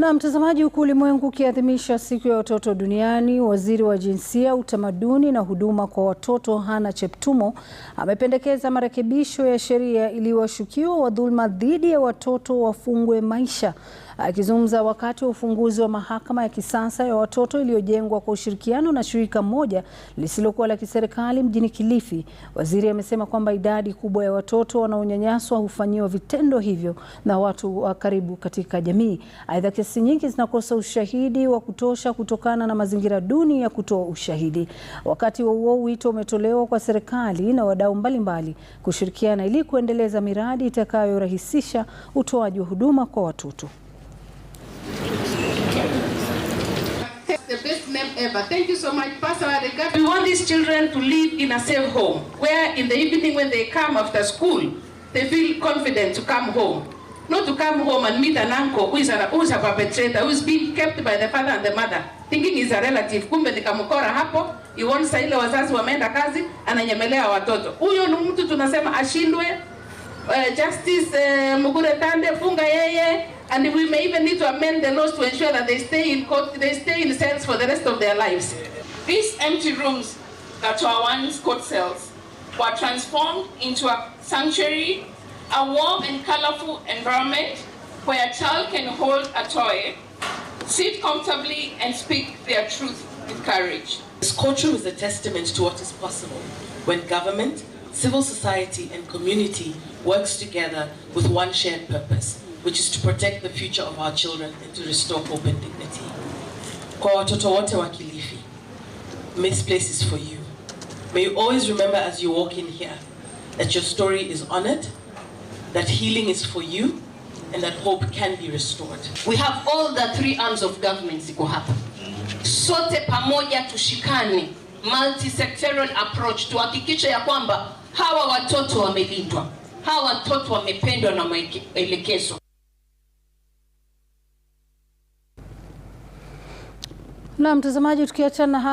Na mtazamaji, huku ulimwengu ukiadhimisha siku ya watoto duniani, waziri wa jinsia, utamaduni na huduma kwa watoto Hannah Cheptumo amependekeza marekebisho ya sheria ili washukiwa wa dhulma dhidi ya watoto wafungwe maisha. Akizungumza wakati wa ufunguzi wa mahakama ya kisasa ya watoto iliyojengwa kwa ushirikiano na shirika moja lisilokuwa la kiserikali mjini Kilifi, waziri amesema kwamba idadi kubwa ya watoto wanaonyanyaswa hufanyiwa vitendo hivyo na watu wa karibu katika jamii. Aidha, kesi nyingi zinakosa ushahidi wa kutosha kutokana na mazingira duni ya kutoa ushahidi. Wakati huo huo, wito umetolewa kwa serikali na wadau mbalimbali kushirikiana ili kuendeleza miradi itakayorahisisha utoaji wa huduma kwa watoto. Thank you so much, Pastor We want these children to live in a safe home, where in the evening when they come after school, they feel confident to come home. Not to come home and meet an uncle who is a, who is a perpetrator, who is being kept by the father and the mother, thinking is a relative. Kumbe nikamkora hapo, iwon saa ile wazazi wameenda kazi, ananyemelea watoto. Huyo ni mtu tunasema ashindwe. Uh, Justice uh, eh, Mugure Thande, funga yeye, and we may even need to amend the laws to ensure that they stay in court, they stay in cells for the rest of their lives. These empty rooms that were once court cells were transformed into a sanctuary a warm and colorful environment where a child can hold a toy, sit comfortably, and speak their truth with courage. This courtroom is a testament to what is possible when government, civil society, and community works together with one shared purpose, which is to protect the future of our children and to restore hope and dignity. Kwa watoto wote wa this place is for you. May you always remember as you walk in here that your story is honored that healing is for you and that hope can be restored. We have all the three arms of government ziko hapa. Sote pamoja tushikane, multi-sectoral approach, tuhakikishe ya kwamba hawa watoto wamelindwa, hawa watoto wamependwa na maelekezo. Na mtazamaji, tukiachana